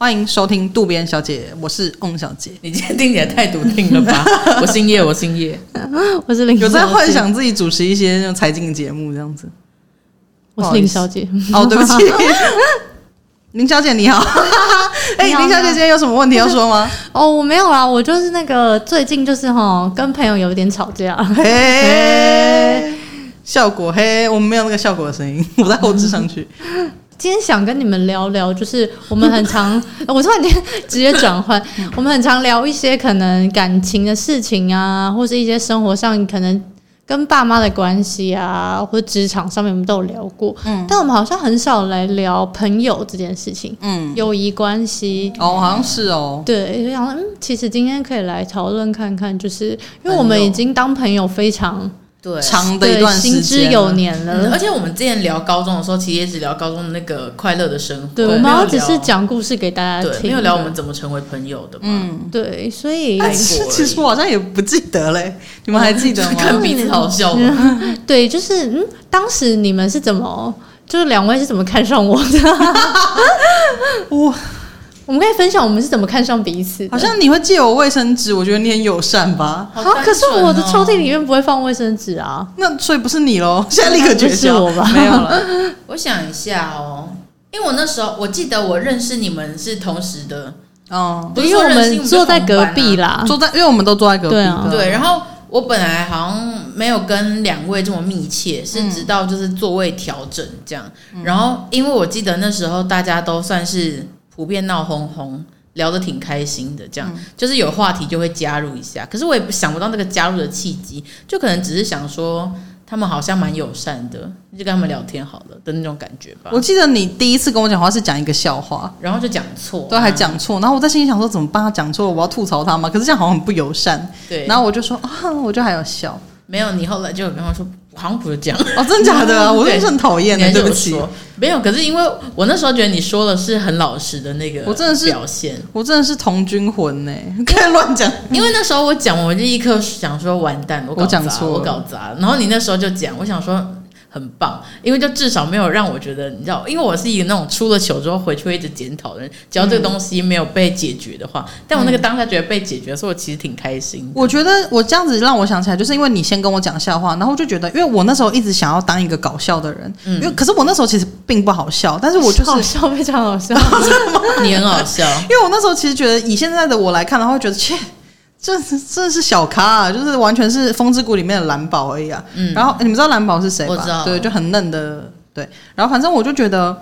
歡迎收聽渡邊小姐，我是翁小姐。你今天聽起來太篤定了吧？ 我姓葉，我姓葉。我是林小姐，有在幻想自己主持一些那種財經節目這樣子。我是林小姐。哦，對不起， 林小姐你好。哎、 欸，林小姐今天有什麼問題要說嗎？哦，我沒有啊，我就是那個最近就是哈、哦、跟朋友有一點吵架。嘿，效果嘿，嘿，我們沒有那個效果的聲音，我在後置上去。 今天想跟你們聊聊，就是我們很常， 我突然間直接轉換， 我們很常聊一些可能感情的事情啊，或是一些生活上可能跟爸媽的關係啊，或職場上面我們都有聊過，嗯，但我們好像很少來聊朋友這件事情，嗯，友誼關係，哦嗯哦，哦，好像是哦，對，就想說嗯，其實今天可以來討論看看，就是因為我們已經當朋友非常。對長的一段時間了，心之有年了，嗯，而且我們之前聊高中的時候，其實也只聊高中的那個快樂的生活，對，我們只是講故事給大家聽，聽，沒有聊我們怎麼成為朋友的嘛。嗯、對，所以其實其實我好像也不記得嘞、嗯，你們還記得嗎？看彼此好笑。對，就是嗯，當時你們是怎麼，就是兩位是怎麼看上我的？ 我。我們可以分享我們是怎麼看上彼此。好像你會借我衛生紙，我覺得你很友善吧？好，可是我的抽屜裡面不會放衛生紙啊，啊，啊。那所以不是你嘍？現在立刻絕交我吧？沒有了。我想一下哦，因為我那時候我記得我認識你們是同時的哦、嗯，因為我們坐在隔壁啦，坐在因為我們都坐在隔壁對、啊。對，然後我本來好像沒有跟兩位這麼密切、嗯，是直到就是座位調整這樣、嗯。然後因為我記得那時候大家都算是。普遍鬧哄哄，聊得挺開心的，這樣、嗯、就是有話題就會加入一下。可是我也想不到那個加入的契機，就可能只是想說他們好像蠻友善的，就跟他們聊天好了的那種感覺吧。我記得你第一次跟我講話是講一個笑話，嗯、然後就講錯，都還講錯，然後我在心裡想說怎麼辦？他講錯了，我要吐槽他嗎？可是這樣好像很不友善。對，然後我就說啊，我就還有笑。沒有，你後來就有跟我說。特朗普講哦，真的假的啊？ 我真的很討厭的對不起。沒有，可是因為我那時候覺得你說的是很老實的那個，我真的是表現，我真的是童軍魂呢。可以亂講，因為那時候我講，我就立刻想說完蛋，我搞砸我講錯我搞砸，然後你那時候就講，我想說。很棒，因為就至少沒有讓我覺得，你知道，因為我是一個那種出了糗之後回去會一直檢討的人。只要這個東西沒有被解決的話，嗯、但我那個當下覺得被解決的時候，我其實挺開心的。我覺得我這樣子讓我想起來，就是因為你先跟我講笑話，然後就覺得，因為我那時候一直想要當一個搞笑的人，嗯、因為可是我那時候其實並不好笑，但是我就好，就是好笑，非常好笑， 你很好笑，因為我那時候其實覺得，以現在的我來看的話，然後覺得切。這這是小咖啊，就是完全是《風之谷》裡面的藍寶而已啊。嗯，然後你們知道藍寶是誰吧？我知道。對，就很嫩的。對，然後反正我就覺得，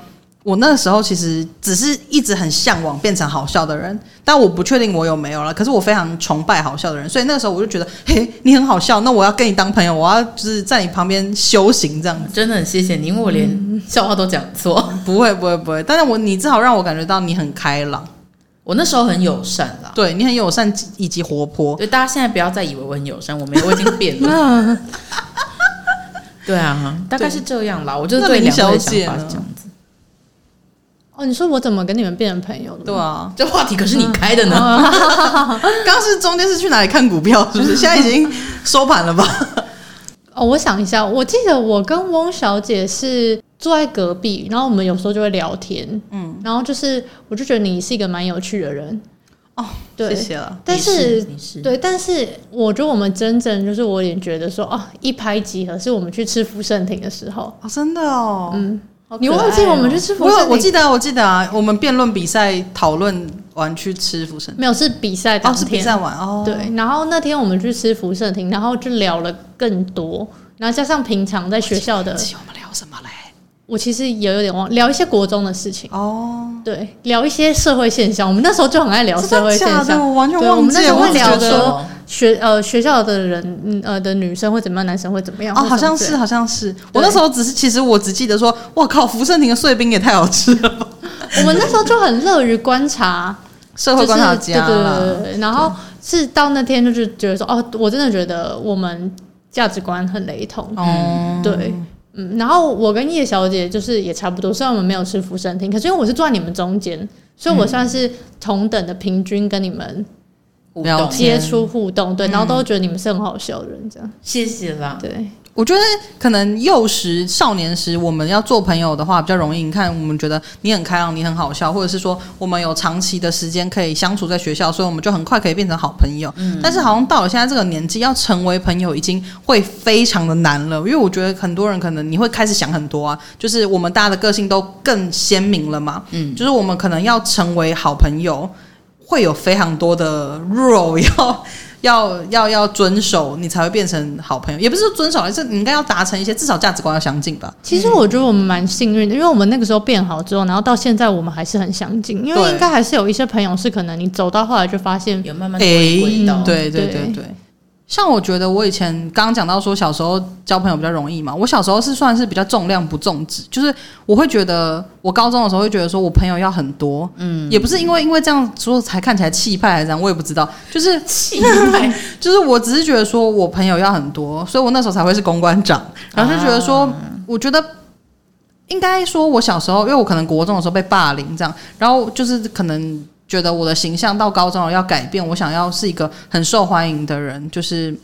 我那個時候其實只是一直很嚮往變成好笑的人，但我不確定我有沒有了。可是我非常崇拜好笑的人，所以那時候我就覺得，嘿，你很好笑，那我要跟你當朋友，我要就是在你旁邊修行這樣子。真的很謝謝你，因為我連笑話都講錯。嗯、 不會不會不會，但是我你至少讓我感覺到你很開朗。我那時候很友善啦，嗯、對你很友善以及活潑，所以大家現在不要再以為我很友善，我沒有，我已經變了。 對啊，大概是這樣啦，我就是對兩個人想法是這樣。哦，你說我怎麼跟你們變成朋友了？對啊，這話題可是你開的呢。剛 剛是中間是去哪裡看股票， 是不是現在已經收盤了吧？ 哦，我想一下，我記得我跟翁小姐是。坐在隔壁，然後我們有時候就會聊天，嗯，然後就是，我就覺得你是一個蠻有趣的人哦、嗯，謝謝了。但是，是，是，對，但是我覺得我們真正就是我也覺得說，哦、啊，一拍即合，是我們去吃福盛亭的時候啊、哦，真的哦，嗯，哦、你忘記我們去吃福盛亭。我記得、啊，我記得啊，我們辯論比賽討論完去吃福盛，沒有是比賽哦，是比賽完哦，對，然後那天我們去吃福盛亭，然後就聊了更多，然後加上平常在學校的，我記不記得我們聊什麼嘞？我其實也有點忘，聊一些國中的事情哦，oh. 對，聊一些社會現象。嗯。我們那時候就很愛聊社會現象，的的我完全忘了我們那時候會聊學說學呃學校的人呃的女生會怎麼樣，男生會怎麼樣哦，oh，好像是，好像是。我那時候只是其實我只記得說，哇靠，福盛庭的碎冰也太好吃了。我們那時候就很樂於觀察， 就是，社會觀察家對，對，對，對，對，然後對，是到那天就是覺得說，哦，我真的覺得我們價值觀很雷同。Oh. 嗯，對。嗯，然後我跟葉小姐就是也差不多，雖然我們沒有吃福生聽，可是因為我是坐在你們中間、嗯，所以我算是同等的平均跟你們，互動接觸互動，對、嗯，然後都覺得你們是很好笑的人，這樣。謝謝啦。對。我覺得可能幼時、少年時，我們要做朋友的話比較容易。你看，我們覺得你很開朗，你很好笑，或者是說我們有長期的時間可以相處在學校，所以我們就很快可以變成好朋友。嗯，但是，好像到了現在這個年紀，要成為朋友已經會非常的難了。因為我覺得很多人可能你會開始想很多啊，就是我們大家的個性都更鮮明了嘛。嗯，就是我們可能要成為好朋友，會有非常多的 role 要。要要要遵守，你才會變成好朋友。也不是說遵守，而是你應該要達成一些，至少價值觀要相近吧。其實我覺得我們蠻幸運的，因為我們那個時候變好之後，然後到現在我們還是很相近。因為應該還是有一些朋友是可能你走到後來就發現有慢慢回到軌道。對對對對。對像我覺得我以前剛剛講到說小時候交朋友比較容易嘛，我小時候是算是比較重量不重質，就是我會覺得我高中的時候會覺得說我朋友要很多，嗯，也不是因為、嗯、因為這樣說才看起來氣派還是怎樣，我也不知道，就是氣派，就是我只是覺得說我朋友要很多，所以我那時候才會是公關長，然後就覺得說、啊、我覺得應該說我小時候，因為我可能國中的時候被霸凌這樣，然後就是可能。覺得我的形象到高中了要改變，我想要是一個很受歡迎的人，就是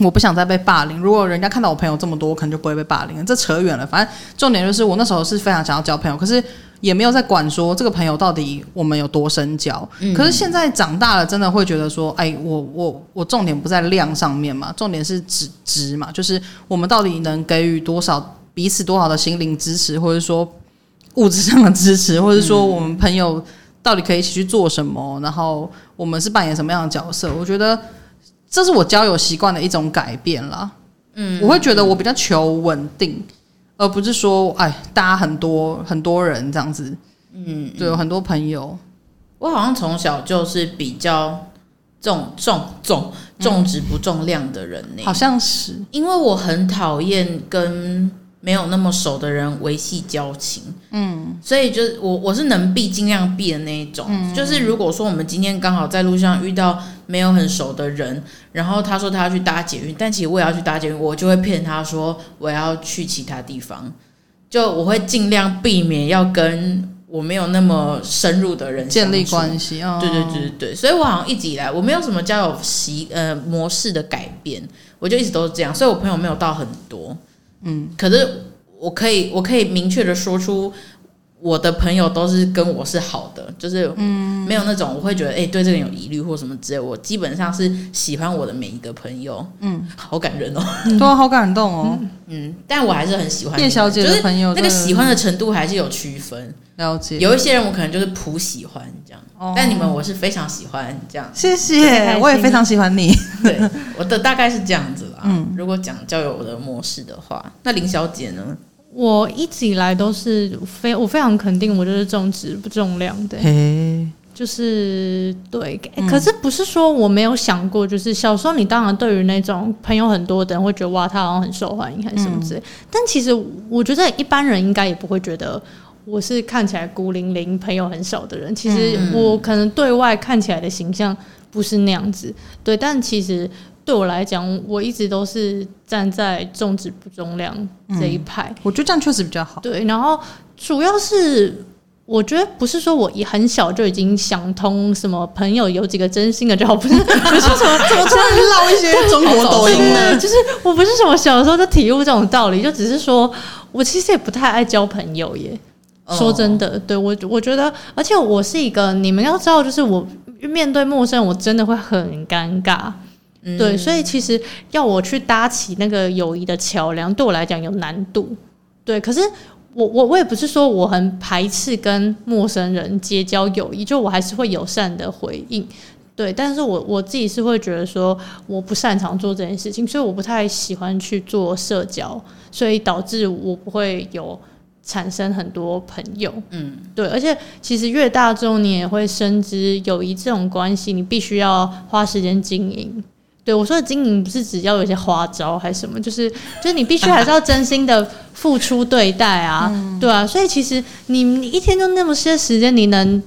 我不想再被霸凌。如果人家看到我朋友這麼多，我可能就不會被霸凌。這扯遠了，反正重點就是我那時候是非常想要交朋友，可是也沒有在管說這個朋友到底我們有多深交。嗯。可是現在長大了，真的會覺得說，哎，我我我，我重點不在量上面嘛，重點是質質嘛，就是我們到底能給予多少彼此多少的心靈支持，或者說物質上的支持，或者說我們朋友。到底可以一起去做什麼？然後我們是扮演什麼樣的角色？我覺得這是我交友習慣的一種改變啦。嗯，嗯，我會覺得我比較求穩定，而不是說哎搭很多很多人這樣子。嗯，嗯，對，有很多朋友。我好像從小就是比較重重重重質不重量的人、嗯、好像是因為我很討厭跟沒有那麼熟的人維繫交情，嗯，所以就是我我是能避盡量避的那一種，嗯，就是如果說我們今天剛好在路上遇到沒有很熟的人，然後他說他要去搭捷運，但其實我也要去搭捷運，我就會騙他說我要去其他地方，就我會盡量避免要跟我沒有那麼深入的人建立關係。哦，對對對對對，所以我好像一直以來我沒有什麼交友習呃模式的改變，我就一直都是這樣，所以我朋友沒有到很多。嗯，可是我可以，我可以明確的說出我的朋友都是跟我是好的，就是嗯，沒有那種我會覺得哎、欸、對這個人有疑慮或什麼之類，我基本上是喜歡我的每一個朋友，嗯，好感人哦，嗯嗯嗯、對，好感動哦嗯嗯嗯，嗯，但我還是很喜歡，葉小姐的就是朋友那個喜歡的程度還是有區分，了解，有一些人我可能就是普喜歡這樣，嗯、但你們我是非常喜歡這樣，謝謝，我也非常喜歡你，對，我的大概是這樣子。嗯，如果講交友的模式的話，那林小姐呢？我一直以來都是非我非常肯定，我就是重質不重量的、欸。就是對，欸嗯、可是不是說我沒有想過，就是小時候你當然對於那種朋友很多的人會覺得哇，他好像很受歡迎還是什麼之類。嗯、但其實我覺得一般人應該也不會覺得我是看起來孤零零朋友很少的人。其實我可能對外看起來的形象不是那樣子，對，但其實。對我來講，我一直都是站在重質不重量這一派、嗯。我覺得這樣確實比較好。對，然後主要是我覺得不是說我也很小就已經想通什麼朋友有幾個真心的 就好，不是什麼怎麼突然嘮一些 中國抖音呢？就是我不是什麼小時候就體悟這種道理，就只是說我其實也不太愛交朋友耶。哦、說真的，對，我我覺得，而且我是一個你們要知道，就是我面對陌生人我真的會很尷尬。對，所以其實要我去搭起那個友誼的橋樑，對我來講有難度。對，可是我我我也不是說我很排斥跟陌生人結交友誼，就我還是會友善的回應。對，但是我我自己是會覺得說我不擅長做這件事情，所以我不太喜歡去做社交，所以導致我不會有產生很多朋友。嗯，對，而且其實越大之後你也會深知友誼這種關係，你必須要花時間經營。對，我說的經營不是只要有些花招還是什麼，就是就是你必須還是要真心的付出對待啊、 嗯，對啊，所以其實你一天就那麼些時間，你能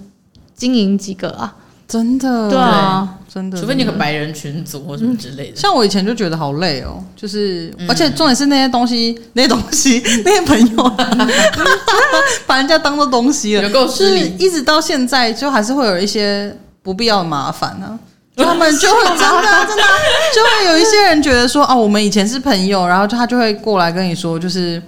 經營幾個啊？真的，對啊，對真的，除非你個白人群組或什麼之類的、嗯。像我以前就覺得好累哦，就是、嗯，而且重點是那些東西，那些東西，那些朋友啊， 把人家當做東西了，就是一直到現在，就還是會有一些不必要的麻煩呢、啊。他們就會真的真的，就會有一些人覺得說，哦，我們以前是朋友，然後就他就會過來跟你說，就是，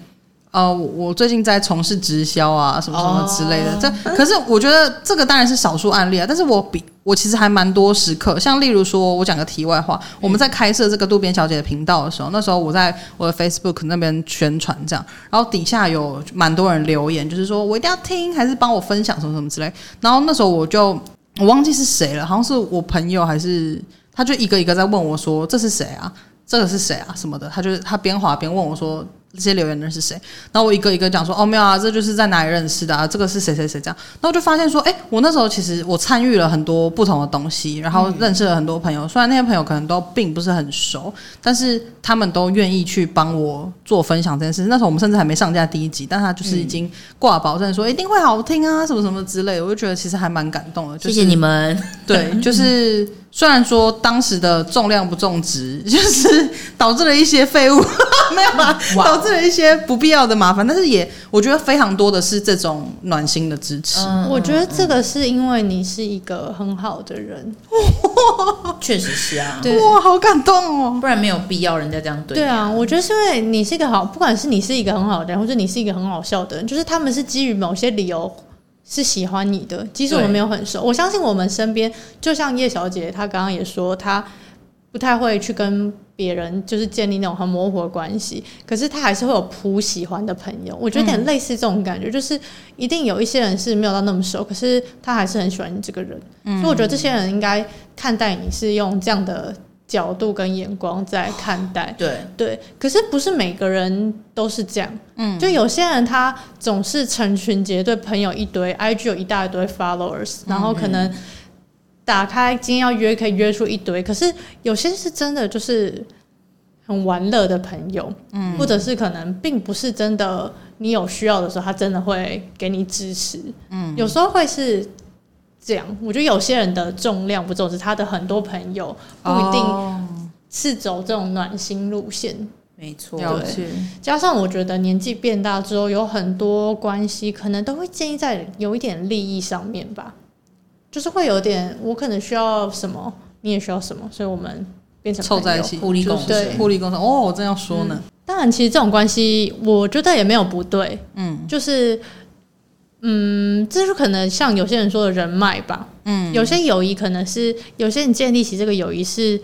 呃，我最近在從事直銷啊，什麼什麼之類的。這可是我覺得這個當然是少數案例啊，但是我比我其實還蠻多時刻，像例如說我講個題外話，我們在開設這個渡邊小姐的頻道的時候，那時候我在我的 Facebook 那邊宣傳這樣，然後底下有蠻多人留言，就是說我一定要聽，還是幫我分享什麼什麼之類，然後那時候我就。我忘記是誰了，好像是我朋友還是他，就一個一個在問我說這、啊：“這是誰啊？這個是誰啊？什麼的？”他就他邊滑邊問我說。這些留言的是誰？然後我一個一個講說，哦沒有啊，這就是在哪裡認識的啊，這個是誰誰誰這樣。然後我就發現說，哎、欸，我那時候其實我參與了很多不同的東西，然後認識了很多朋友、嗯。雖然那些朋友可能都並不是很熟，但是他們都願意去幫我做分享這件事。那時候我們甚至還沒上架第一集，但他就是已經掛保證說、欸、一定會好聽啊，什麼什麼之類的。我就覺得其實還蠻感動的、就是。謝謝你們。對，就是雖然說當時的重量不重質，就是導致了一些廢物，沒有吧？導致了一些不必要的麻煩，但是也我覺得非常多的是這種暖心的支持。嗯、我覺得這個是因為你是一個很好的人，確、嗯、實是啊，哇，好感動哦！不然沒有必要人家這樣對你啊。對啊，我覺得是因為你是一個好，不管是你是一個很好的人，或者你是一個很好笑的人，就是他們是基於某些理由。是喜歡你的，其實我們沒有很熟，我相信我們身邊就像葉小姐她剛剛也說，她不太會去跟別人就是建立那種很模糊的關係，可是她還是會有普喜歡的朋友，我覺得有點類似這種感覺、嗯，就是一定有一些人是沒有到那麼熟，可是他還是很喜歡你這個人，所以我覺得這些人應該看待你是用這樣的。角度跟眼光在看待，哦，對對，可是不是每個人都是這樣，嗯，就有些人他總是成群結隊，朋友一堆，IG 有一大堆 followers，嗯，然後可能打開今天要約可以約出一堆，可是有些人是真的就是很玩樂的朋友，嗯，或者是可能並不是真的，你有需要的時候他真的會給你支持，嗯，有時候會是。這樣，我覺得有些人的重量不重，是他的很多朋友不一定是走這種暖心路線。哦、沒錯，對。加上我覺得年紀變大之後，有很多關係可能都會建立在有一點利益上面吧，就是會有點我可能需要什麼，你也需要什麼，所以我們變成湊在一起互利共生。互利共生，哦，我正要說呢。嗯、當然，其實這種關係我覺得也沒有不對，嗯，就是。嗯，這是可能像有些人說的人脈吧。嗯，有些友誼可能是有些人建立起這個友誼是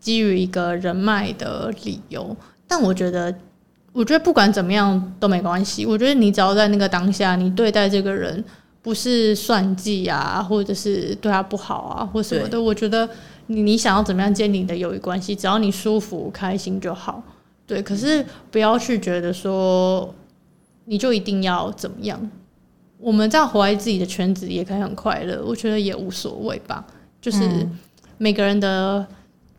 基於一個人脈的理由。但我覺得，我覺得不管怎麼樣都沒關係。我覺得你只要在那個當下，你對待這個人不是算計啊，或者是對他不好啊，或什麼的。我覺得你你想要怎麼樣建立你的友誼關係，只要你舒服開心就好。對，可是不要去覺得說你就一定要怎麼樣。我們在這樣活在自己的圈子也可以很快樂，我覺得也無所謂吧。就是每個人的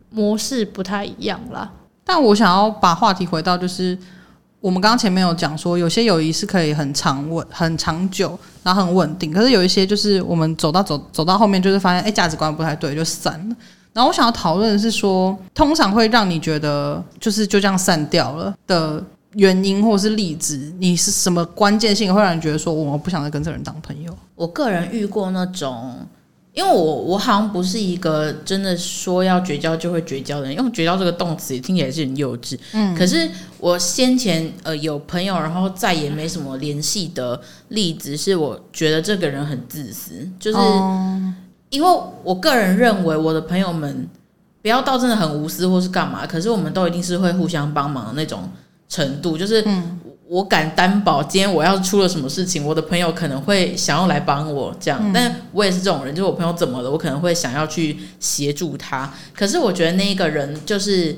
模式不太一樣啦、嗯。但我想要把話題回到，就是我們剛剛前面有講說，有些友誼是可以很長穩、很長久，然後很穩定。可是有一些就是我們走到走走到後面，就是發現哎、欸、價值觀不太對，就散了。然後我想要討論的是說，通常會讓你覺得就是就這樣散掉了的。原因或是例子，你是什麼關鍵性會讓人覺得說，我不想再跟這個人當朋友？我個人遇過那種，因為我我好像不是一個真的說要絕交就會絕交的人，因為絕交這個動詞也聽起來也是很幼稚。嗯，可是我先前呃有朋友，然後再也沒什麼聯繫的例子，是我覺得這個人很自私，就是、嗯、因為我個人認為我的朋友們不要到真的很無私或是幹嘛，可是我們都一定是會互相幫忙的那種。程度就是，我敢擔保，今天我要出了什麼事情，嗯、我的朋友可能會想要來幫我這樣、嗯。但我也是這種人，就是我朋友怎麼了，我可能會想要去協助他。可是我覺得那一個人就是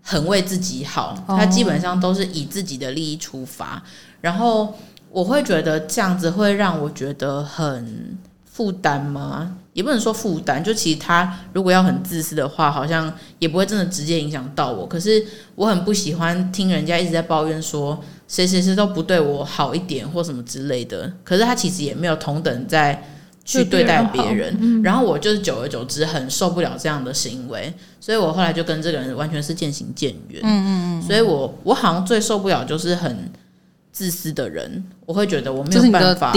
很為自己好、哦，他基本上都是以自己的利益出發。然後我會覺得這樣子會讓我覺得很負擔嗎？也不能說負擔，就其實他如果要很自私的話，好像也不會真的直接影響到我。可是我很不喜歡聽人家一直在抱怨說誰誰誰都不對我好一點或什麼之類的。可是他其實也沒有同等在去對待別人，嗯，然後我就是久而久之很受不了這樣的行為，所以我後來就跟這個人完全是漸行漸遠，嗯嗯嗯。所以我我好像最受不了就是很自私的人，我會覺得我沒有辦法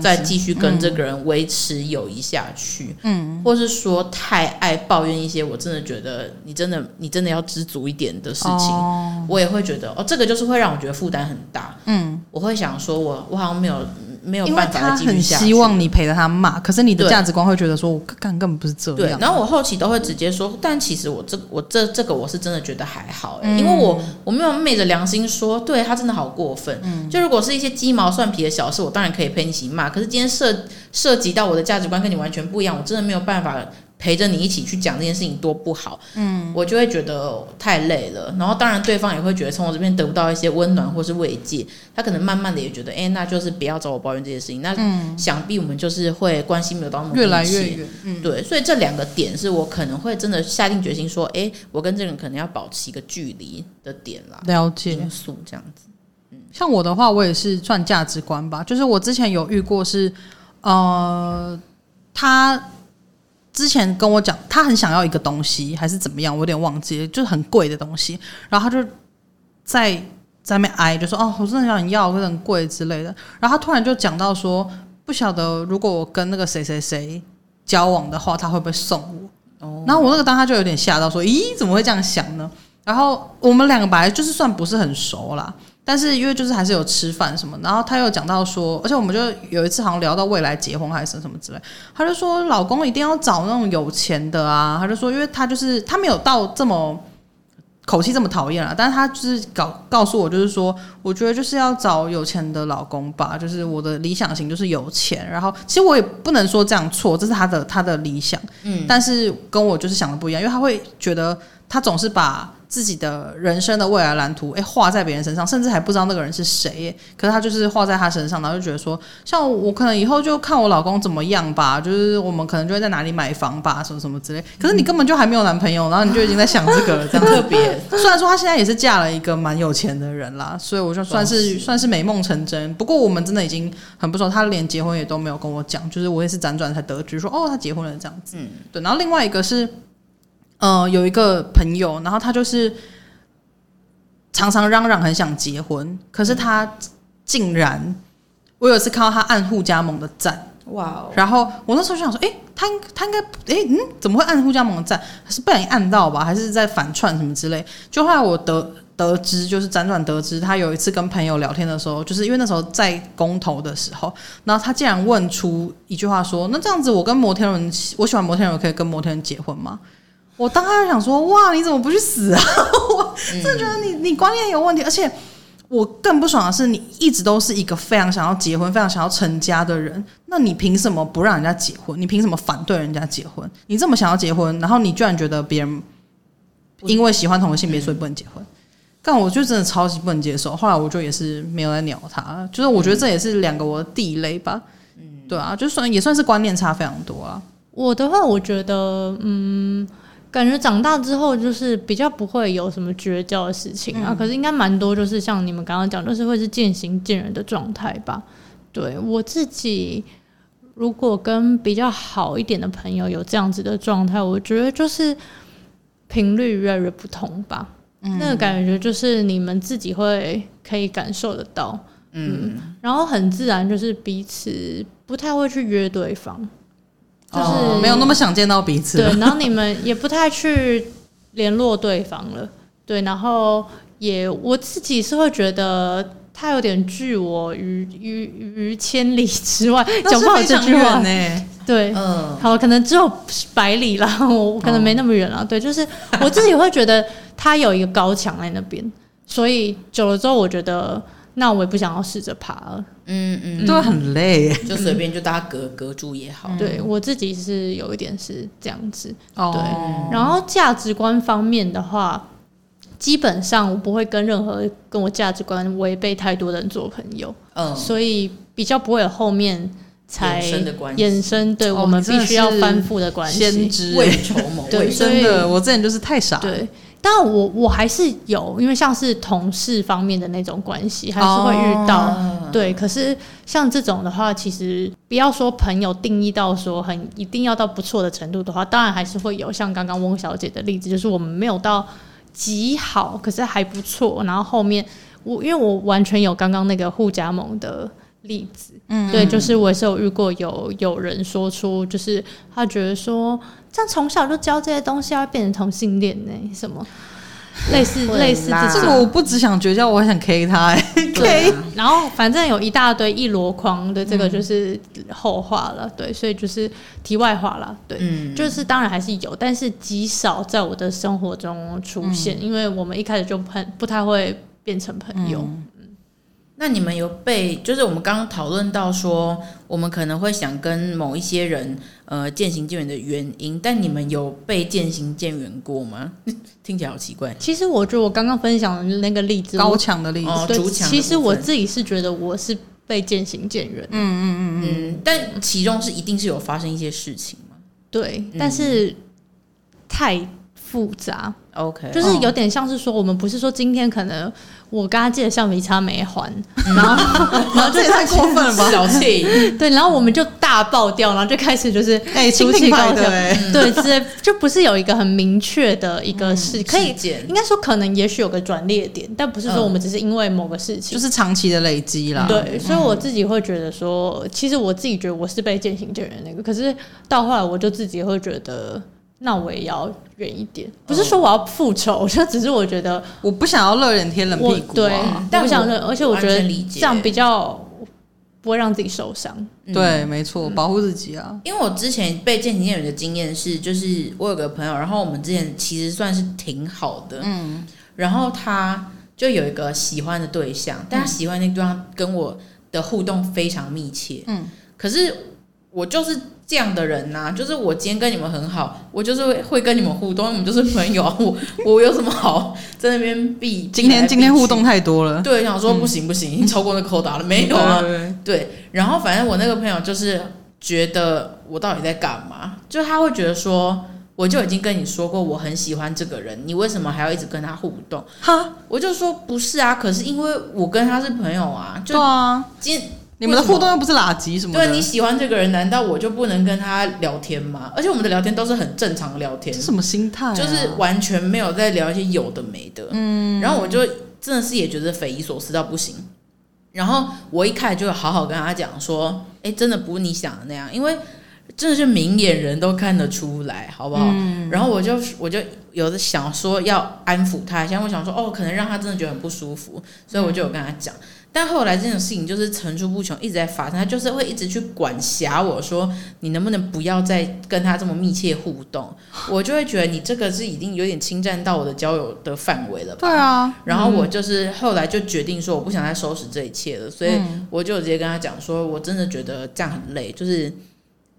再繼續跟這個人維持友誼下去。就是、嗯，嗯，嗯，或是說太愛抱怨一些，我真的覺得你真的你真的要知足一點的事情，哦、我也會覺得哦，這個就是會讓我覺得負擔很大。嗯，我會想說我我好像沒有。嗯沒有辦法下。因為他很希望你陪着他罵，可是你的價值觀會覺得說，我幹根本不是這樣。對，然後我後期都會直接說，但其實我這我這這個我是真的覺得還好欸，嗯，因為我我沒有昧着良心說，對他真的好過分。嗯，就如果是一些雞毛蒜皮的小事，我當然可以陪你一起罵。可是今天涉涉及到我的價值觀跟你完全不一樣，我真的沒有辦法。陪着你一起去講這件事情多不好，嗯，我就會覺得、哦、太累了。然後，當然對方也會覺得從我這邊得不到一些溫暖或是慰藉、嗯，他可能慢慢的也覺得，哎、欸，那就是不要找我抱怨這些事情。那、嗯、想必我們就是會關係沒有到那麼密切，越來越遠、嗯。對，所以這兩個點是我可能會真的下定決心說，哎、欸，我跟這個人可能要保持一個距離的點了。了解因素這樣子，嗯，像我的話，我也是算價值觀吧。就是我之前有遇過是，呃，他。之前跟我講，他很想要一個東西，還是怎麼樣？我有點忘記了，就是很貴的東西。然後他就在在那邊哀，就說：“哦，我真的想要，我真的很貴之類的。”然後他突然就講到說：“不曉得如果我跟那個誰誰誰交往的話，他會不會送我？” oh. 然後我那個當下就有點嚇到，說：“咦，怎麼會這樣想呢？”然後我們兩個本來就是算不是很熟啦。但是因為就是，還是有吃飯什麼，然後他又講到說，而且我們就有一次好像聊到未來結婚還是什麼之類，他就說老公一定要找那種有錢的啊，他就說，因為他就是他沒有到這麼口氣這麼討厭啊，但是他就是搞告告訴我，就是說我覺得就是要找有錢的老公吧，就是我的理想型就是有錢。然後其實我也不能說這樣錯，這是他的他的理想，嗯，但是跟我就是想的不一樣，因為他會覺得。他總是把自己的人生的未來的藍圖哎畫、欸、在別人身上，甚至還不知道那個人是誰耶。可是他就是畫在他身上，然後就覺得說，像我可能以後就看我老公怎麼樣吧，就是我們可能就會在哪裡買房吧，什麼什麼之類。可是你根本就還沒有男朋友，然後你就已經在想這個了，這樣特別。雖然說他現在也是嫁了一個蠻有錢的人啦，所以我就算是算是，算是美夢成真。不過我們真的已經很不熟，他連結婚也都沒有跟我講，就是我也是輾轉才得知、就是、說哦，他結婚了這樣子、嗯。對。然後另外一個是。嗯、呃，有一個朋友，然後他就是常常嚷嚷很想結婚，可是他竟然，我有一次看到他按護家盟的讚，哇、wow.！然後我那時候就想說，哎、欸，他他應該，哎、欸、嗯，怎麼會按護家盟的讚？還是不小心按到吧？還是在反串什麼之類？就後來我得得知，就是輾轉得知，他有一次跟朋友聊天的時候，就是因為那時候在公投的時候，然後他竟然問出一句話說：“那這樣子，我跟摩天輪，我喜歡摩天輪，我可以跟摩天輪結婚嗎？”我當時就想說，哇，你怎麼不去死啊？我真的覺得你你觀念有問題，而且我更不爽的是，你一直都是一個非常想要結婚、非常想要成家的人，那你憑什麼不讓人家結婚？你憑什麼反對人家結婚？你這麼想要結婚，然後你居然覺得別人因為喜歡同性別，所以不能結婚、嗯？但我就真的超級不能接受。後來我就也是沒有再鳥他，就是我覺得這也是兩個我的地雷吧。嗯，對啊，就算也算是觀念差非常多啊。我的話，我覺得，嗯。感覺長大之後就是比較不會有什麼絕交的事情啊、嗯，可是應該蠻多，就是像你們剛剛講，就是會是漸行漸遠的狀態吧。對，我自己，如果跟比較好一點的朋友有這樣子的狀態，我覺得就是頻率越來越不同吧、嗯。那個感覺就是你們自己會可以感受得到，嗯，嗯，然後很自然就是彼此不太會去約對方。哦、就是、哦、沒有那麼想見到彼此，對，然後你們也不太去聯絡對方了， 對，然後也我自己是會覺得他有點拒我於於於千里之外，講不好這句話呢、嗯，對，嗯，好，可能只有百裡了，我可能沒那麼遠了、哦，對，就是我自己會覺得他有一個高牆在那邊， 所以久了之後，我覺得。那我也不想要試着爬了，嗯，嗯嗯，就很累，就隨便就大家隔、嗯、隔住也好。對我自己是有一點是這樣子，哦、對。然後價值觀方面的話，基本上我不會跟任何跟我價值觀違背太多人做朋友，嗯，所以比較不會有後面才衍生，衍生對、哦、我們必須要翻覆的關係，先知未籌謀，對，真的我之前就是太傻了，對。那我我還是有，因為像是同事方面的那種關係、哦，還是會遇到。對，可是像這種的話，其實不要說朋友定義到說很一定要到不錯的程度的話，當然還是會有。像剛剛翁小姐的例子，就是我們沒有到極好，可是還不錯。然後後面我因為我完全有剛剛那個互加盟的例子，嗯，嗯，對，就是我也是有遇過有有人說出，就是他覺得說。像從小就教這些東西，要變成同性戀呢、欸？什麼類似類似這種？這個我不只想絕交，我還想 K 他，K、欸。對啊、 然後反正有一大堆一籮筐的這個就是後話了、嗯，對，所以就是題外話了，對、嗯，就是當然還是有，但是極少在我的生活中出現，嗯、因為我們一開始就很不太會變成朋友、嗯。那你們有被？就是我們剛剛討論到說、嗯，我們可能會想跟某一些人。呃，漸行漸遠的原因，但你們有被漸行漸遠過嗎？聽起來好奇怪。其實，我覺得我剛剛分享的那個例子，高牆的例子，哦，築牆的例子，其實我自己是覺得我是被漸行漸遠。嗯嗯嗯嗯。但其中是一定是有發生一些事情嗎？對，嗯、但是太複雜。OK，就是有點像是說，我們不是說今天可能。我剛剛借的橡皮擦沒還，嗯、然後就、嗯嗯嗯、太過分了吧？小 氣對，然後我們就大爆掉，然後就開始就是哎，出、欸、氣高調、欸，對，就、嗯、就不是有一個很明確的一個事、嗯、可以件，應該說可能也許有個轉捩點，但不是說我們只是因為某個事情，嗯、就是長期的累積啦。對，所以我自己會覺得說，其實我自己覺得我是被漸行漸遠那個，可是到後來我就自己會覺得。那我也要遠一點，不是說我要復仇，嗯，就只是我覺得我不想要熱臉貼冷屁股，啊，對，嗯、但我，我不想熱，而且我覺得這樣比較不會讓自己受傷，嗯。對，沒錯，保護自己啊，嗯！因為我之前被漸行漸遠的經驗是，就是我有個朋友，然後我們之前其實算是挺好的，嗯，然後他就有一個喜歡的對象，但他喜歡的那個對象跟我的互動非常密切，嗯，可是我就是。這樣的人吶、啊，就是我今天跟你們很好，我就是會跟你們互動，我、嗯、們就是朋友啊。我我有什麼好在那邊避、避、避？今天今天互動太多了。對，想說不行不行，已、嗯、經超過那扣打了沒有啊？對。然後反正我那個朋友就是覺得我到底在幹嘛？就他會覺得說，我就已經跟你說過我很喜歡這個人，你為什麼還要一直跟他互動？哈、嗯，我就說不是啊，可是因為我跟他是朋友啊，就對啊今。你們的互動又不是垃圾什麼？對，你喜歡這個人，難道我就不能跟他聊天嗎？而且我們的聊天都是很正常的聊天。是什麼心態、啊？就是完全沒有在聊一些有的沒的。嗯。然後我就真的是也覺得匪夷所思到不行。然後我一開始就好好跟他講說，哎、欸，真的不是你想的那樣，因為真的是明眼人都看得出來，好不好？嗯、然後我就我就有的想說要安撫他，因為我想說哦，可能讓他真的覺得很不舒服，所以我就有跟他講。嗯但後來這種事情就是層出不窮，一直在發生。他就是會一直去管轄我說，說你能不能不要再跟他這麼密切互動？我就會覺得你這個是已經有點侵占到我的交友的範圍了吧？對啊。然後我就是後來就決定說，我不想再收拾這一切了。所以我就直接跟他講說，我真的覺得這樣很累，就是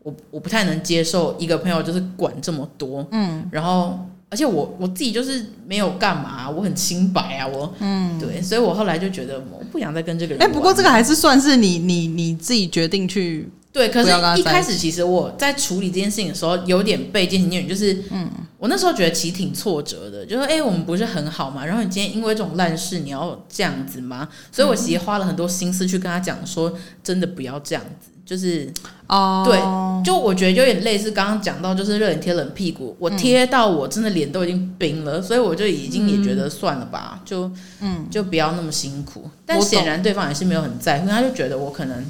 我我不太能接受一個朋友就是管這麼多。嗯，然後。而且我我自己就是沒有幹嘛啊，我很清白啊，我嗯對，所以我後來就覺得我不想再跟這個人。哎，不過這個還是算是你你你自己決定去對。可是，一開始其實我在處理這件事情的時候，有點被進行虐情，就是，嗯，我那時候覺得其實挺挫折的，就說哎，我們不是很好嘛，然後你今天因為這種爛事，你要這樣子嗎？所以我其實花了很多心思去跟他講，說真的不要這樣子。就是，哦、oh,，對，就我覺得有點類似剛剛講到，就是熱臉貼冷屁股。嗯、我貼到我真的臉都已經冰了，所以我就已經也覺得算了吧，嗯就嗯，就不要那麼辛苦。嗯、但顯然對方也是沒有很在乎，他就覺得我可能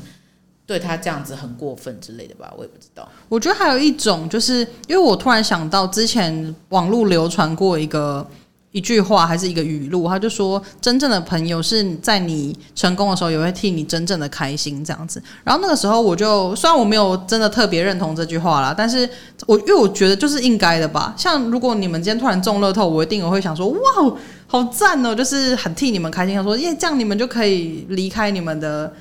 對他這樣子很過分之類的吧，我也不知道。我覺得還有一種，就是因為我突然想到之前網絡流傳過一個。一句話還是一個語錄，他就說：“真正的朋友是在你成功的時候，也會替你真正的開心這樣子。”然後那個時候，我就雖然我沒有真的特別認同這句話啦，但是我因為我覺得就是應該的吧。像如果你們今天突然中樂透，我一定我會想說：“哇，好贊哦！”就是很替你們開心。他說：“耶，這樣你們就可以離開你們的。”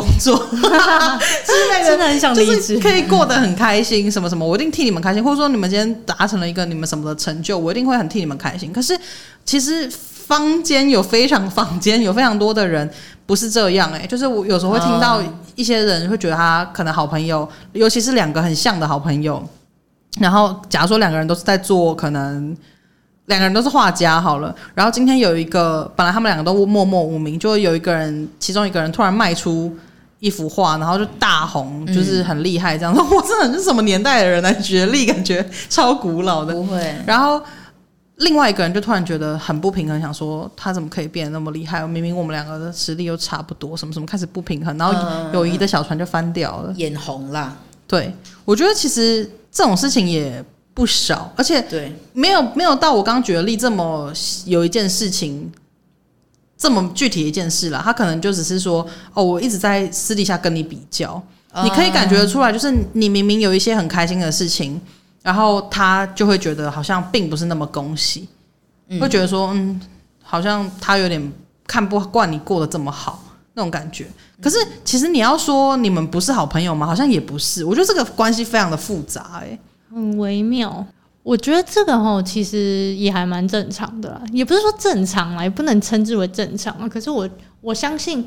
工作，真的真的很想離職，可以過得很開心，什麼什麼，我一定替你們開心，或者說你們今天達成了一個你們什麼的成就，我一定會很替你們開心。可是其實坊間有非常坊間有非常多的人不是這樣，哎，就是我有時候會聽到一些人會覺得他可能好朋友，尤其是兩個很像的好朋友，然後假如說兩個人都是在做，可能兩個人都是畫家好了，然後今天有一個本來他們兩個都默默無名，就有一個人，其中一個人突然邁出。一幅畫，然後就大紅，就是很厲害，這樣說、嗯、我這很是什麼年代的人來舉例，感覺超古老的。不會，然後另外一個人就突然覺得很不平衡，想說他怎麼可以變得那麼厲害？明明我們兩個的實力又差不多，什麼什麼開始不平衡，然後友誼的小船就翻掉了，嗯、眼紅了。對，我覺得其實這種事情也不少，而且對，沒有沒有到我剛舉的例這麼有一件事情。這麼具體一件事了，他可能就只是說，哦，我一直在私底下跟你比較，uh, 你可以感覺得出來，就是你明明有一些很開心的事情，然後他就會覺得好像並不是那麼恭喜，嗯、會覺得說，嗯，好像他有點看不慣你過得這麼好，那種感覺。可是其實你要說你們不是好朋友嗎？好像也不是，我覺得這個關係非常的複雜、欸，哎，很微妙。我覺得這個齁，其實也還蠻正常的，也不是說正常嘛，也不能稱之為正常嘛。可是我我相信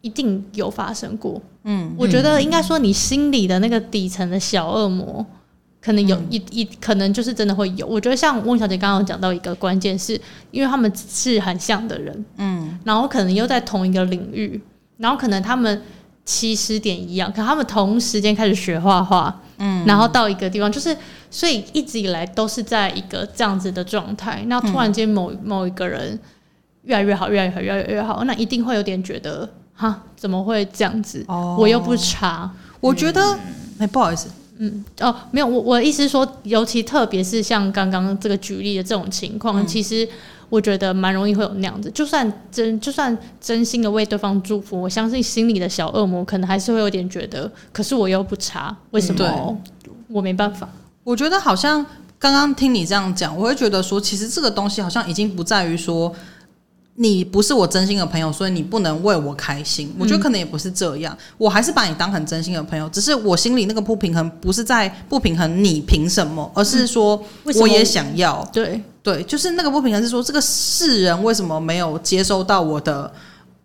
一定有發生過。嗯，我覺得應該說你心裡的那個底層的小惡魔、嗯，可能有一一、嗯、可能就是真的會有。我覺得像翁小姐剛剛講到一個關鍵，是因為他們是很像的人，嗯，然後可能又在同一個領域，然後可能他們起始點一樣，可他們同時間開始學畫畫，嗯，然後到一個地方就是。所以一直以來都是在一個這樣子的狀態，那突然間某某一個人越來越好，越來越好，越來越好，那一定會有點覺得哈，怎麼會這樣子？哦、我又不差，我覺得哎、嗯，欸，不好意思，嗯，哦，沒有，我我的意思是說，尤其特別是像剛剛這個舉例的這種情況、嗯，其實我覺得蠻容易會有那樣子。就算真就算真心的為對方祝福，我相信心裡的小惡魔可能還是會有點覺得，可是我又不差，為什麼、嗯？我沒辦法。我覺得好像剛剛聽你這樣講，我會覺得說，其實這個東西好像已經不在於說你不是我真心的朋友，所以你不能為我開心。我覺得可能也不是這樣，嗯、我還是把你當很真心的朋友，只是我心裡那個不平衡不是在不平衡你憑什麼，而是說我也想要。嗯、對對，就是那個不平衡是說，這個世人為什麼沒有接收到我的。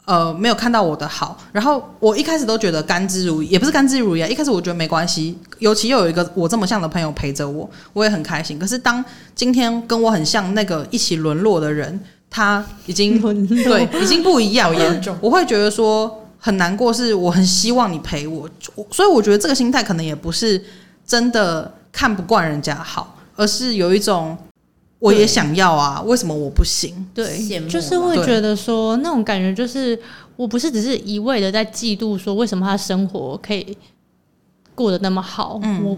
呃，沒有看到我的好，然後我一開始都覺得甘之如，也不是甘之如飴啊。一開始我覺得沒關係，尤其又有一個我這麼像的朋友陪着我，我也很開心。可是當今天跟我很像那個一起淪落的人，他已經 對， 已經不一樣嚴重， 我會覺得說很難過。是我很希望你陪我，所以我覺得這個心態可能也不是真的看不慣人家好，而是有一種。我也想要啊，為什麼我不行？對，啊、就是會覺得說那種感覺，就是我不是只是一味的在嫉妒，說為什麼他生活可以過得那麼好。嗯、我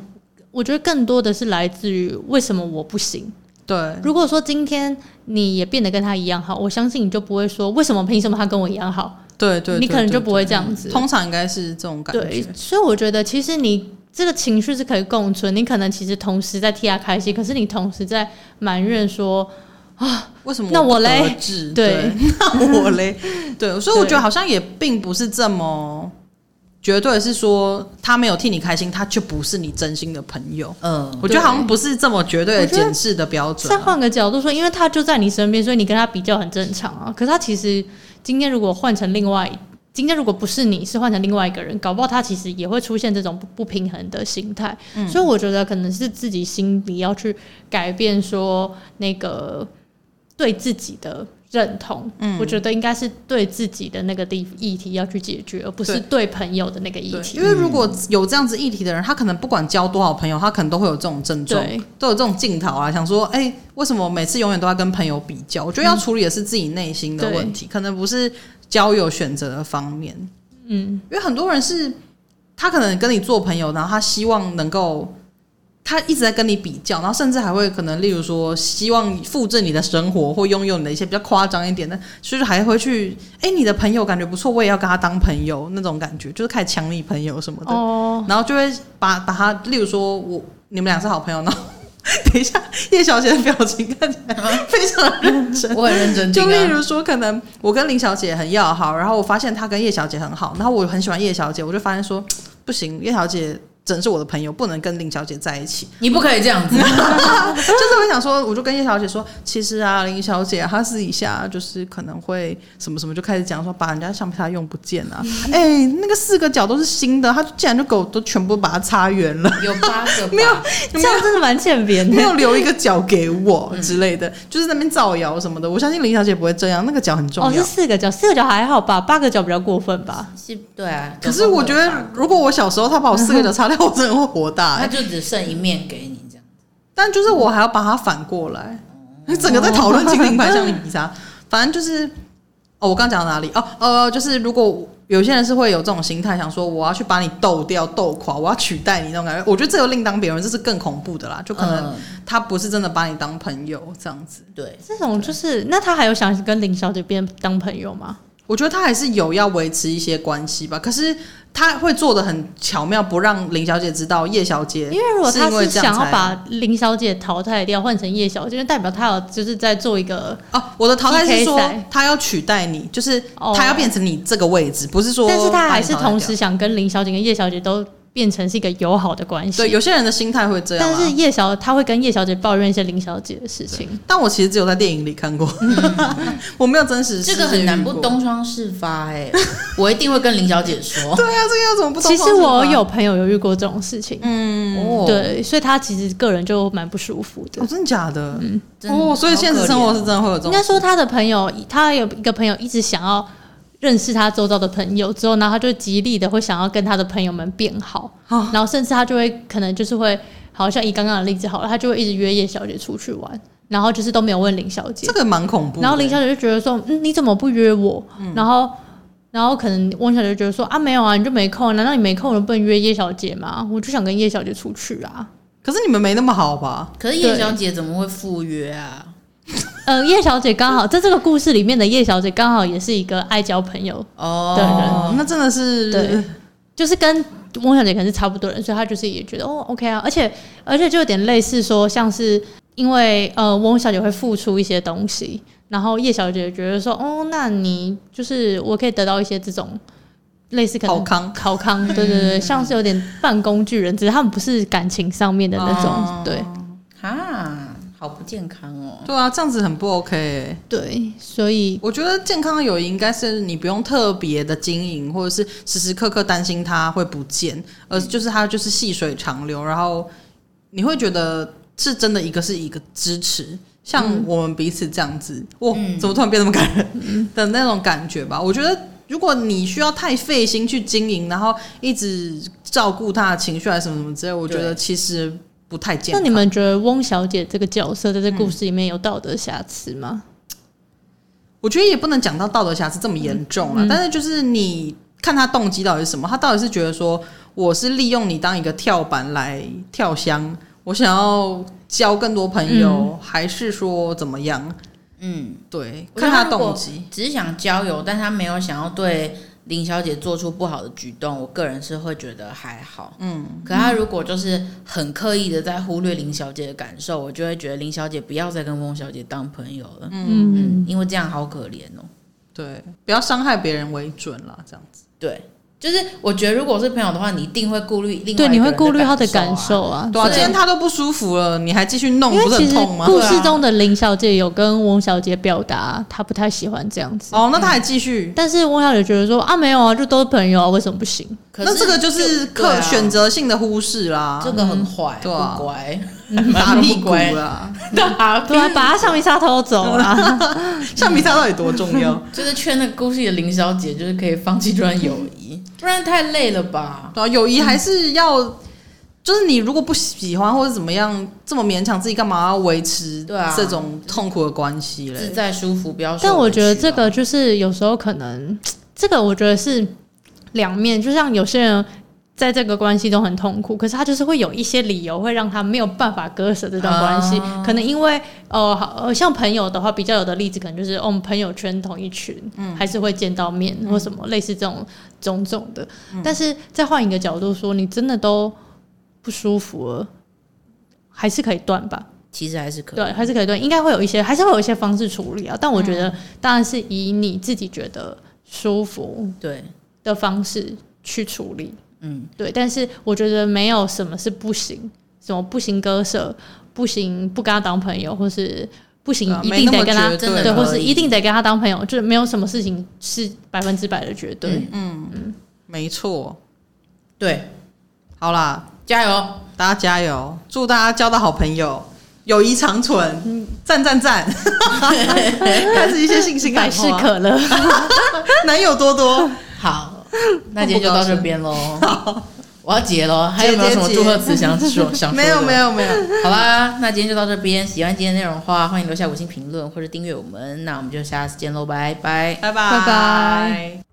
我覺得更多的是來自於為什麼我不行。對，如果說今天你也變得跟他一樣好，我相信你就不會說為什麼憑什麼他跟我一樣好。對對，對，對，對對，你可能就不會這樣子。通常應該是這種感覺。對，所以我覺得其實你。這個情緒是可以共存，你可能其實同時在替他開心，可是你同時在埋怨說啊，為什麼、啊？那我嘞？對， 那我嘞？對，所以我覺得好像也並不是這麼絕對，是說他沒有替你開心，他就不是你真心的朋友。嗯，我覺得好像不是這麼絕對的檢視的標準、啊。再換個角度說，因為他就在你身邊，所以你跟他比較很正常啊。可是他其實今天如果換成另外。今天如果不是你是換成另外一個人，搞不好他其實也會出現這種不平衡的心態、嗯。所以我覺得可能是自己心裡要去改變，說那個對自己的認同。嗯，我覺得應該是對自己的那個地議題要去解決、嗯，而不是對朋友的那個議題、嗯。因為如果有這樣子議題的人，他可能不管交多少朋友，他可能都會有這種症狀，都有這種鏡頭啊，想說，哎、欸，為什麼每次永遠都要跟朋友比較？我覺得要處理的是自己內心的問題，嗯、可能不是。交友選擇的方面，嗯，因為很多人是，他可能跟你做朋友，然後他希望能夠，他一直在跟你比較，然後甚至還會可能，例如說，希望複製你的生活，或擁有你的一些比較誇張一點的，所以就還會去，哎，欸，你的朋友感覺不錯，我也要跟他當朋友，那種感覺，就是開始搶你朋友什麼的，哦，然後就會把把他，例如說我你們倆是好朋友呢。 等一下，葉小姐的表情看起來非常認真，嗯，我很認真，啊。就例如說，可能我跟林小姐很要好，然後我發現她跟葉小姐很好，然後我很喜歡葉小姐，我就發現說，不行，葉小姐。只能是我的朋友，不能跟林小姐在一起。你不可以這樣子， 就是我想說，我就跟葉小姐說，其實啊，林小姐、啊、她私底下就是可能會什麼什麼，就開始講說把人家橡皮擦用不見啊，哎、嗯欸，那個四個角都是新的，她竟然就給我都全部把它擦圓了，有八個， 沒有這樣真的蠻欠扁的，沒有留一個角給我、嗯、之類的，就是那邊造謠什麼的。我相信林小姐不會這樣，那個角很重要。哦，是四個角，四個角還好吧，八個角比較過分吧？是，是對啊。可是我覺得，如果我小時候她把我四個角擦掉。我、哦、真的會火大，他就只剩一面給你這樣子，但就是我還要把它反過來，你整個在討論精品牌像你啥，反正就是哦，我剛講到哪裡哦。哦、呃，就是如果有些人是會有這種心態，想說我要去把你鬥掉、鬥垮，我要取代你那種感覺，我覺得這個另當別論，這是更恐怖的啦。就可能他不是真的把你當朋友這樣子，對，這種就是。那他還有想跟林小姐變當朋友嗎？我覺得他還是有要維持一些關係吧，可是。他會做得很巧妙，不讓林小姐知道葉小姐因，因為如果他會想要把林小姐淘汰掉，換成葉小姐，代表他要就是在做一個。哦，我的淘汰是說他要取代你，就是他要變成你這個位置，不是說，但是他還是同時想跟林小姐跟葉小姐都。變成是一個友好的關係。對，有些人的心態會這樣。但是葉小他會跟葉小姐抱怨一些林小姐的事情。但我其實只有在電影裡看過，嗯、 我沒有真實。這個很難不東窗事發哎、欸， 我一定會跟林小姐說。對啊，這個要怎麼不東窗事發？其實我有朋友有遇過這種事情，嗯，對，所以他其實個人就蠻不舒服的、哦。真的假的？嗯、的哦，所以現實生活是真的會有這種。應該說他的朋友，他有一個朋友一直想要。認識他周遭的朋友之後，然後他就極力的會想要跟他的朋友們變好，哦、然後甚至他就會可能就是會好像以剛剛的例子好了，他就會一直約葉小姐出去玩，然後就是都沒有問林小姐，這個蠻恐怖。然後林小姐就覺得說，嗯，你怎麼不約我？嗯、然後，然後可能翁小姐就覺得說，啊，沒有啊，你就沒空，難道你沒空我就不能約葉小姐嗎？我就想跟葉小姐出去啊。可是你們沒那麼好吧？可是葉小姐怎麼會赴約啊？ 呃，葉小姐剛好在這個故事裡面的葉小姐剛好也是一個愛交朋友的人，哦，那真的是對，就是跟翁小姐可能是差不多的人，所以她就是也覺得哦，OK 啊，而且而且就有點類似說，像是因為呃，翁小姐會付出一些東西，然後葉小姐覺得說，哦，那你就是我可以得到一些這種類似好康好康，對對對，嗯、像是有點辦工具人，嗯，只是他們不是感情上面的那種、哦、對。好不健康哦！對啊，這樣子很不 OK。對，所以我覺得健康的友誼應該是你不用特別的經營，或者是時時刻刻擔心他會不見，而就是他就是細水長流，然後你會覺得是真的一個是一個支持，像我們彼此這樣子。哇，怎麼突然變那麼感人的那種感覺吧。我覺得如果你需要太費心去經營，然後一直照顧他的情緒，還是什麼什麼之類，我覺得其實。不太見。那你們覺得翁小姐這個角色在這故事裡面有道德瑕疵嗎？嗯、我覺得也不能講到道德瑕疵這麼嚴重啊、嗯嗯、但是就是你看她動機到底是什麼？她到底是覺得說我是利用你當一個跳板來跳箱，我想要交更多朋友、嗯，還是說怎麼樣？嗯，對，看她動機，只是想交友，但她沒有想要對。林小姐做出不好的舉動，我個人是會覺得還好，嗯。可她如果就是很刻意的在忽略林小姐的感受，嗯，我就會覺得林小姐不要再跟翁小姐當朋友了，嗯，嗯，嗯，因為這樣好可憐哦，喔。對，不要傷害別人為準啦，這樣子，對。就是我覺得，如果是朋友的話，你一定會顧慮、啊、對，你會顧慮他的感受啊。對啊，既然他都不舒服了，你還繼續弄，不是很痛嗎？故事中的林小姐有跟翁小姐表達，她不太喜歡這樣子。哦，那他還繼續、嗯？但是翁小姐覺得說啊，沒有啊，就都是朋友啊，為什麼不行？可是那這個就是可選擇性的忽視啦，啊、這個很壞、啊啊，不乖，打屁股啊。 對啊，把他橡皮擦偷走啦、啊。橡皮擦到底多重要？ 就是勸那個故事的林小姐，就是可以放棄這段友誼。不然太累了吧、嗯？啊，友誼還是要、嗯，就是你如果不喜歡或者怎麼樣，這麼勉強自己幹嘛要維持？對啊，這種痛苦的關係嘞，自在舒服不要。但我覺得這個就是有時候可能，可能這個我覺得是兩面。就像有些人在這個關係都很痛苦，可是他就是會有一些理由會讓他沒有辦法割舍這段關係、啊。可能因為呃，像朋友的話，比較有的例子可能就是我們、哦、朋友圈同一群，嗯、還是會見到面或什麼類似這種。種種的，但是再換一個角度說，你真的都不舒服了，還是可以斷吧？其實還是可以，對，還是可以斷。應該會有一些，還是會有一些方式處理啊。但我覺得，嗯、當然是以你自己覺得舒服對的方式去處理。對嗯，對。但是我覺得沒有什麼是不行，什麼不行割舍，不行不跟他當朋友，或是。不行，呃、一定得跟他真的對，對，對，或者一定得跟他當朋友，對了對了，就是沒有什麼事情是百分之百的絕對。嗯，嗯，嗯、沒錯，對，好啦，加油，大家加油，祝大家交到好朋友，友誼長存，讚讚讚，開始一些信心感百事可樂，男友多多。好， 那今天就到這邊嘍。我要結了，還有沒有什麼祝賀詞想說？ 沒有想說沒有沒有。好啦，那今天就到這邊。喜歡今天內容的話，歡迎留下五星評論或者訂閱我們。那我們就下次見嘍，拜拜拜拜拜。Bye bye bye bye